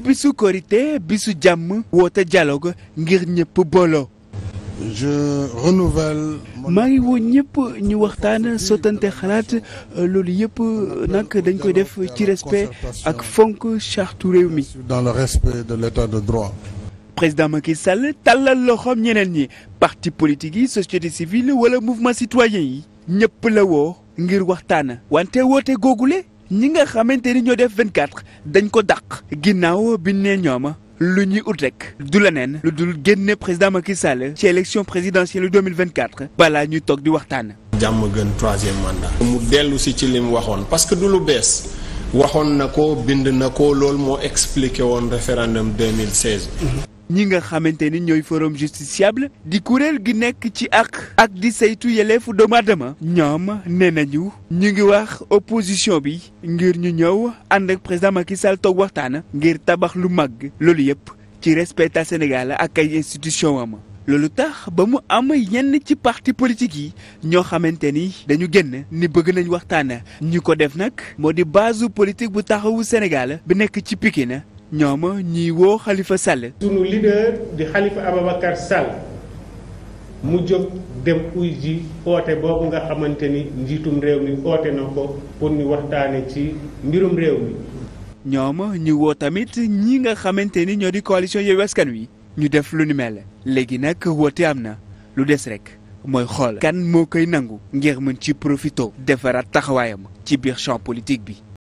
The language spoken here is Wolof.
bisu korité bisu jàmm woote dialogue ngir ñëpp booloo. je renouvelle. maa ngi woo ñëpp ñu waxtaan sottante xalaat loolu yëpp nag dañ koy def ci respect ak fonk charte réew mi. dans le respect de l'état président Macky Sall tàllal loxoom ñeneen ñi parti politique yi société civile wala mouvement citoyen yi ñëpp la woo ngir waxtaan wante woote googule ñi nga xamante ni ñoo def 24 dañ ko dàq ginnaaw bi ne ñooma lu ñuy ut rek du leneen lu dul génne président Macky Sall ci élection présidentielle 2024 balaa ñuy toog di waxtaan. jàmm gën troisième mandat. mu dellu si ci li mu waxoon parce que du lu bees. waxoon na ko bind na ko loolu moo expliqué woon référendum 2016. ñi nga xamante ni ñooy forom justiciable di kuréel gi nekk ci ak ak di saytu yeleefu doomu aadama ñoom nee nañu ñu ngi wax opposition bi ngir ñu ñëw ànd ak président Macky Sall toog waxtaan ngir tabax lu mag loolu yëpp ci respecta Sénégal ak ay institution am loolu tax ba mu am yenn ci parti politique yi ñoo xamante ni dañu génn ni bëgg nañu waxtaan ñi ko def nag moo di base politique bu taxawu Sénégal bi nekk ci Pikine ñooma ñiy woo xalifa Sall. sunu leader di Khalifa Ababacar Sall mu jóg dem uy ji oote boobu nga xamante ni njiitum réew mi oote na ko pour ñu waxtaane ci mbirum réew mi. ñooma ñi woo tamit ñi nga xamante ni ñoo di coalition Yewwi Askan Wi. ñu def lu ni mel léegi nag woote am na lu des rek mooy xool. kan moo koy nangu ngir mën ci profito defaraat taxawaayam ci biir champ politique bi.